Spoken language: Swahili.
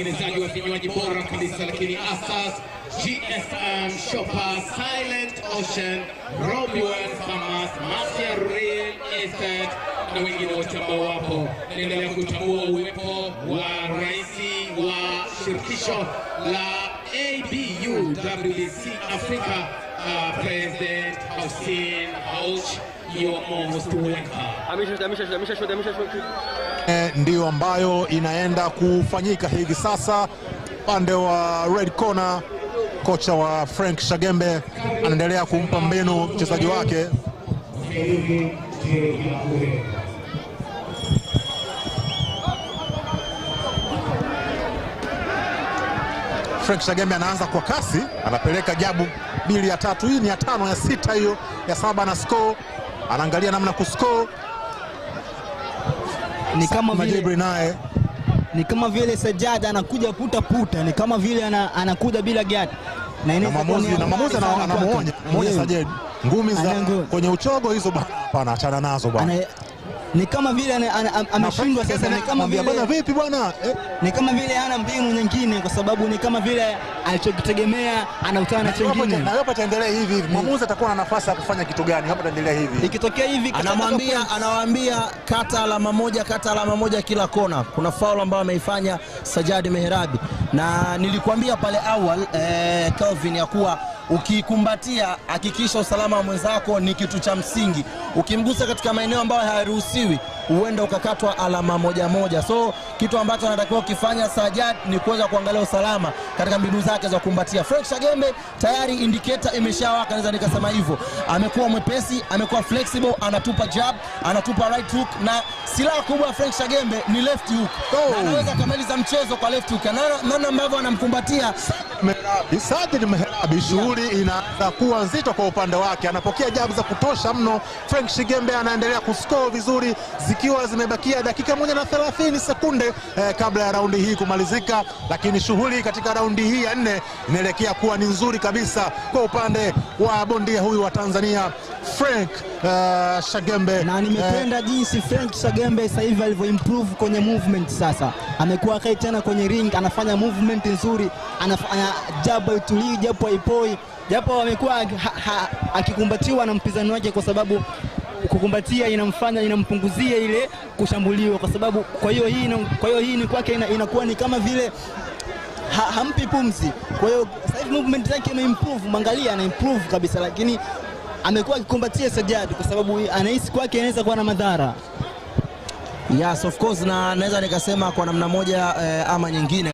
Mtengenezaji wa vinywaji bora kabisa, lakini Asas GSM Shopper Silent Ocean Robiwan Farmers Masia Real Estate na wengine wote ambao wapo. Naendelea kutambua uwepo wa rais wa shirikisho la WBC Afrika Uh, President Hussein you are most welcome. Eh, Ndiyo ambayo inaenda kufanyika hivi sasa upande wa red corner. Kocha wa Frank Shagembe anaendelea kumpa mbinu mchezaji wake Frank Shagembe anaanza kwa kasi, anapeleka jabu bili ya tatu, hii ni ya tano, ya sita, hiyo ya saba na score, anaangalia namna kuskoo ni kama vile naye ni kama vile Sajada anakuja puta puta, ni kama vile ana, anakuja bila gati na anamuonya Sajadi, ngumi za kwenye uchogo hizo bana, hapana, achana nazo bana ni kama vile ameshindwa sasa, ni kama vile bwana, vipi bwana, eh? ni kama vile hana mbinu nyingine, kwa sababu ni kama vile alichokitegemea anakutana na chengine. Na hapa taendelea hivi hivi, mwamuzi atakuwa na nafasi ya kufanya kitu gani? Hapa taendelea hivi, ikitokea hivi, anamwambia anawaambia, kata alama moja, kata alama moja kila kona. Kuna faul ambayo ameifanya Sajadi Meherabi, na nilikwambia pale awali eh, Kelvin ya kuwa Ukiikumbatia hakikisha usalama wa mwenzako ni kitu cha msingi. Ukimgusa katika maeneo ambayo hayaruhusiwi, huenda ukakatwa alama moja moja. So kitu ambacho anatakiwa ukifanya Sajad ni kuweza kuangalia usalama katika mbinu zake za kumbatia. Frank Shagembe tayari indiketa imeshawaka, naweza nikasema hivyo. Amekuwa mwepesi, amekuwa flexible, anatupa jab, anatupa right hook, na silaha kubwa Frank Shagembe ni left hook, na anaweza kamaliza mchezo kwa left hook, na namna ambavyo anamkumbatia Mehrabi, ni Mehrabi, shughuli inaanza kuwa nzito kwa upande wake, anapokea jabu za kutosha mno. Frank Shigembe anaendelea kuskoo vizuri, zikiwa zimebakia dakika moja na 30 sekunde eh, kabla ya raundi hii kumalizika, lakini shughuli katika raundi hii ya nne inaelekea kuwa ni nzuri kabisa kwa upande wa bondia huyu wa Tanzania Frank uh, Shagembe na nimependa uh, jinsi Frank Shagembe sasa hivi improve kwenye movement. Sasa amekuwa kai tena kwenye ring, anafanya movement nzuri, anafanya jab itulii, japo haipoi, japo amekuwa akikumbatiwa na mpinzani wake, kwa sababu kukumbatia inamfanya inampunguzia ile kushambuliwa, kwa sababu kwa hiyo hii, kwa hiyo hii ni kwake inakuwa ni kama vile ha, hampi pumzi. Kwa hiyo sasa hivi movement zake imeimprove, mwangalia ana improve kabisa, lakini amekuwa akikumbatia Sajjad kwa sababu anahisi kwake anaweza kuwa na madhara. Yes, of course, na naweza nikasema kwa namna moja eh, ama nyingine